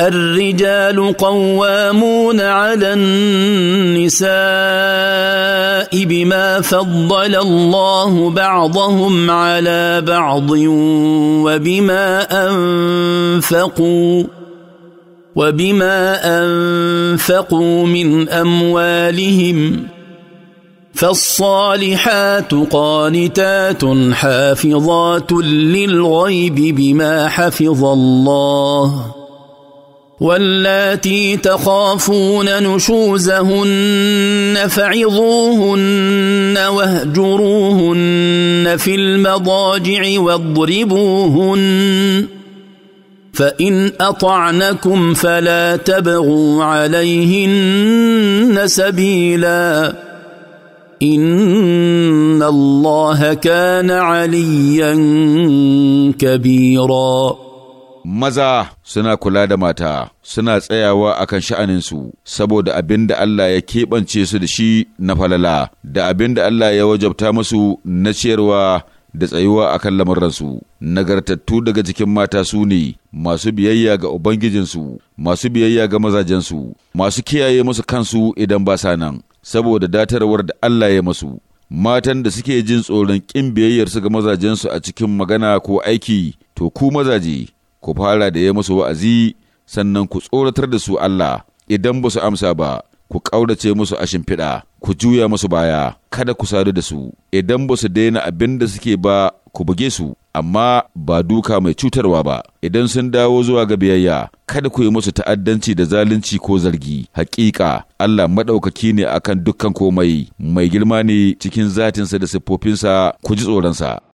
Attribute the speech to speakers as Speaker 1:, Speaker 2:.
Speaker 1: الرجال قوامون على النساء بما فضل الله بعضهم على بعض وبما انفقوا وبما انفقوا من اموالهم فالصالحات قانتات حافظات للغيب بما حفظ الله واللاتي تخافون نشوزهن فعظوهن واهجروهن في المضاجع واضربوهن فان اطعنكم فلا تبغوا عليهن سبيلا
Speaker 2: ان الله كان عليا كبيرا maza suna kula da mata suna tsayawa akan sha'aninsu saboda abin da Allah ya keɓance su da shi na falala da abin da Allah ya wajabta musu na ciyarwa da tsayuwa akan lamuransu nagartattu daga cikin mata su ne masu biyayya ga ubangijinsu masu biyayya ga mazajensu masu kiyaye musu kansu idan ba sa nan saboda datarwar da Allah ya masu matan da suke jin tsoron ƙin biyayyarsu ga mazajensu a cikin magana ko aiki to ku mazaje ku fara da ya musu wa'azi sannan ku tsoratar da su Allah idan ba su amsa ba ku ƙaurace musu a shimfiɗa ku juya musu baya kada ku sadu da su idan ba su daina abin da suke ba ku buge su amma ba duka mai cutarwa ba idan sun dawo zuwa ga biyayya kada ku yi musu ta'addanci da zalunci ko zargi Haƙiƙa Allah maɗaukaki ne akan dukkan komai mai girma ne cikin zatinsa da siffofinsa ku ji tsoronsa